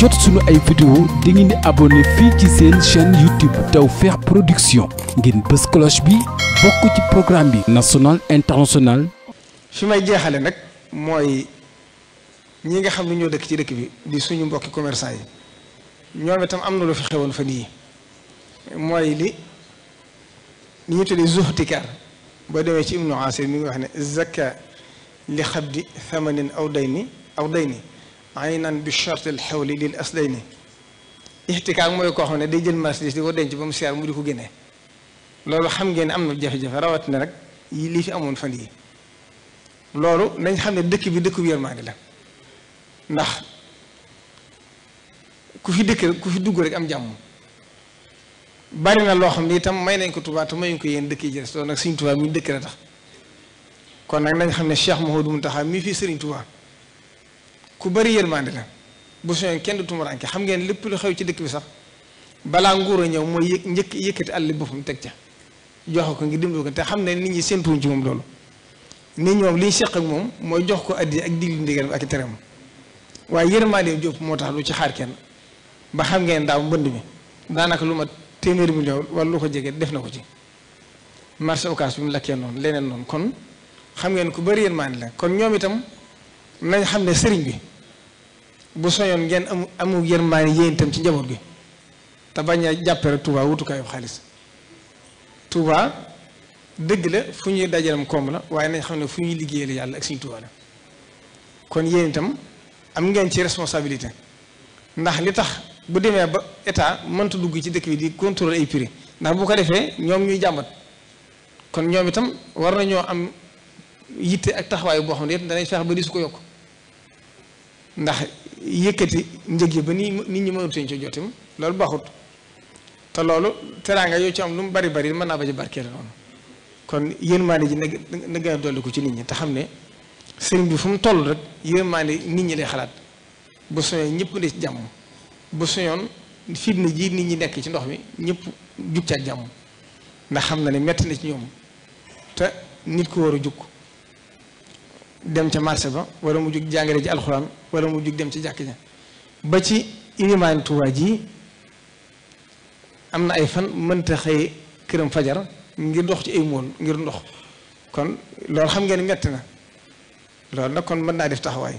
jot suñu ay vidéo da ngeen di abonné fii ci seen chaîne YouTube Tawfekh Production ngeen bës cloche bi bokk ci programme bi national international fi may jeexale nag mooy ñi nga xam ne ñoo dëkk ci dëkk bi di suñu mbokki commerçant yi ñoom itam am na lu fi xewoon fan yii mooy li li ñu tuddee zuhtikaar boo demee ci Ibnu Asir mi ngi wax ne zakka li xabdi thamanin aw dayni aw dayni aynan bi shart al xawli lil asdayni ixtikaak mooy koo xam ne day jël marchandise di ko denc ba mu seer mu di ko génne loolu xam ngeen am na jafe-jafe rawatina rek yi lii fi amoon fan yi loolu nañ xam ne dëkk bi dëkk bi yërmaande la ndax ku fi dëkk ku fi dugg rek am jàmm bari na loo xam ne itam may nañ ko Tuubaa te mayuñ ko yéen dëkk yi soo loolu nag Sëriñ Tuubaa mi dëkk la tax kon nag nañ xam ne moo Mouhamadou Mountakha mii fii Sëriñ Tuubaa ku bari yërmande la bu soñoon kenn du tumuraanke xam ngeen lépp lu xew ci dëkk bi sax balaa nguur a ñëw mooy yë njëkk yëkkati àll boppam teg ca jox ko ngi ngir dimbali ko te xam ne nit ñi séentuwuñ ci moom loolu nit ñi li ñu seq ak moom mooy jox ko addi ak diglu ndigal ak tereem waaye yërmande Jóob moo tax lu ci xaar kenn ba xam ngeen daaw mbënd mi daanaka lu ma téeméeri million wala lu ko jege def na ko ci marché occas bi mu lakkee noonu leneen noonu kon xam ngeen ku bari yërmande la kon ñoom nañ xam ne sëriñ bi bu soñoon ngeen am amu yërmaane yéen itam ci njaboot bi te bañ a jàppe tubaa wutukaayu xaalis Touba dëgg la fu ñuy dajalam koom la waaye nañ xam ne fu ñuy liggéeyee la yàlla ak suñu Touba la kon yéen itam am ngeen ci responsabilité ndax li tax bu demee ba état mënta dugg ci dëkk bi di contrôler ay prix ndax bu ko defee ñoom ñuy jàmbat kon ñoom itam war nañoo am yitte ak taxawaay boo xam ne it danañ feex ba di ko yokk ndax yëkkati njëg yi ba nii nit ñi mënut ci jotim loolu baxut te loolu teraanga yoo ci am lu mu bari bari mën naa ba ci barkeel noonu kon yërmaande ji na na gën a dolli ko ci nit ñi te xam ne sëriñ bi fu mu toll rek yërmaande nit ñi lay xalaat bu soñoon ñëpp ne jàmm bu soñoon fitna ji nit ñi nekk ci ndox mi ñëpp jub ca jàmm ndax xam na ne metti na ci ñoom te nit ku war a jukk dem ca marché ba wala mu jug jàngale ji alxuraan wala mu jug dem ci jàkk ja ba ci ilimaan Tuubaa ji am na ay fan mënta xëy këram fajar ngir dox ci ay mool ngir ndox kon loolu xam ngeen metti na loolu nag kon mën naa def taxawaay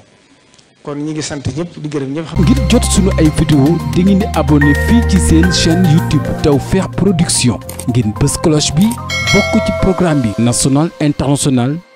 kon ñi ngi sant ñëpp di gërëm ñëpp xam ngir jot suñu ay vidéo di ngeen di abonné fii ci seen chaîne YouTube Tawfekh Production ngeen bës cloche bi bokk ci programme bi national international